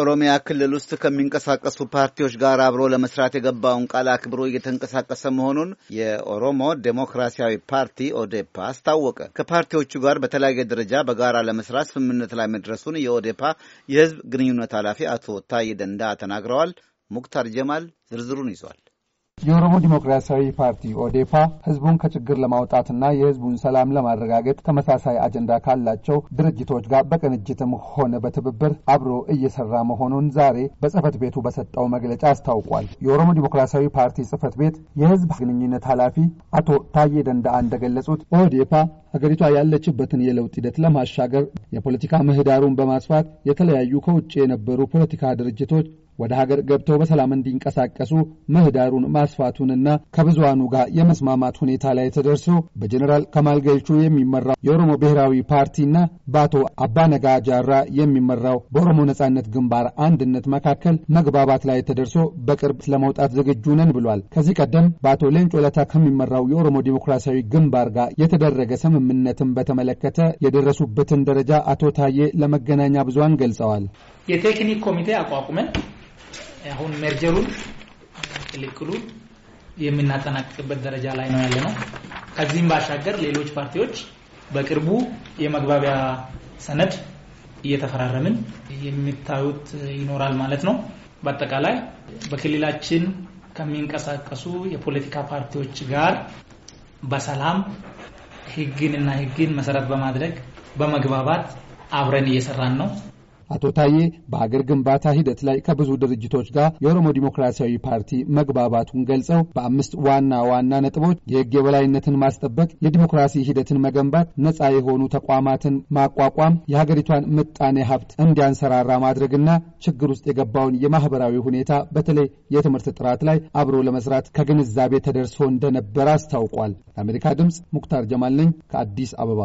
ኦሮሚያ ክልል ውስጥ ከሚንቀሳቀሱ ፓርቲዎች ጋር አብሮ ለመስራት የገባውን ቃል አክብሮ እየተንቀሳቀሰ መሆኑን የኦሮሞ ዴሞክራሲያዊ ፓርቲ ኦዴፓ አስታወቀ። ከፓርቲዎቹ ጋር በተለያየ ደረጃ በጋራ ለመስራት ስምምነት ላይ መድረሱን የኦዴፓ የህዝብ ግንኙነት ኃላፊ አቶ ታዬ ደንዳ ተናግረዋል። ሙክታር ጀማል ዝርዝሩን ይዟል። የኦሮሞ ዲሞክራሲያዊ ፓርቲ ኦዴፓ ህዝቡን ከችግር ለማውጣትና የህዝቡን ሰላም ለማረጋገጥ ተመሳሳይ አጀንዳ ካላቸው ድርጅቶች ጋር በቅንጅትም ሆነ በትብብር አብሮ እየሰራ መሆኑን ዛሬ በጽህፈት ቤቱ በሰጠው መግለጫ አስታውቋል። የኦሮሞ ዲሞክራሲያዊ ፓርቲ ጽህፈት ቤት የህዝብ ግንኙነት ኃላፊ አቶ ታዬ ደንዳአ እንደገለጹት ኦዴፓ ሀገሪቷ ያለችበትን የለውጥ ሂደት ለማሻገር የፖለቲካ ምህዳሩን በማስፋት የተለያዩ ከውጭ የነበሩ ፖለቲካ ድርጅቶች ወደ ሀገር ገብተው በሰላም እንዲንቀሳቀሱ ምህዳሩን ማስፋቱንና ከብዙሃኑ ጋር የመስማማት ሁኔታ ላይ ተደርሶ በጀኔራል ከማል ገልቹ የሚመራው የኦሮሞ ብሔራዊ ፓርቲና በአቶ አባነጋ ጃራ የሚመራው በኦሮሞ ነጻነት ግንባር አንድነት መካከል መግባባት ላይ ተደርሶ በቅርብ ለመውጣት ዝግጁ ነን ብሏል። ከዚህ ቀደም በአቶ ሌንጮ ለታ ከሚመራው የኦሮሞ ዲሞክራሲያዊ ግንባር ጋር የተደረገ ስምምነትን በተመለከተ የደረሱበትን ደረጃ አቶ ታዬ ለመገናኛ ብዙሃን ገልጸዋል። የቴክኒክ ኮሚቴ አቋቁመን አሁን ሜርጀሩን ቅልቅሉን የምናጠናቅቅበት ደረጃ ላይ ነው ያለነው። ከዚህም ባሻገር ሌሎች ፓርቲዎች በቅርቡ የመግባቢያ ሰነድ እየተፈራረምን የሚታዩት ይኖራል ማለት ነው። በአጠቃላይ በክልላችን ከሚንቀሳቀሱ የፖለቲካ ፓርቲዎች ጋር በሰላም እና ህግን መሰረት በማድረግ በመግባባት አብረን እየሰራን ነው። አቶ ታዬ በአገር ግንባታ ሂደት ላይ ከብዙ ድርጅቶች ጋር የኦሮሞ ዲሞክራሲያዊ ፓርቲ መግባባቱን ገልጸው በአምስት ዋና ዋና ነጥቦች የህግ የበላይነትን ማስጠበቅ፣ የዲሞክራሲ ሂደትን መገንባት፣ ነፃ የሆኑ ተቋማትን ማቋቋም፣ የሀገሪቷን ምጣኔ ሀብት እንዲያንሰራራ ማድረግና ችግር ውስጥ የገባውን የማህበራዊ ሁኔታ በተለይ የትምህርት ጥራት ላይ አብሮ ለመስራት ከግንዛቤ ተደርሶ እንደነበረ አስታውቋል። የአሜሪካ ድምፅ ሙክታር ጀማል ነኝ ከአዲስ አበባ።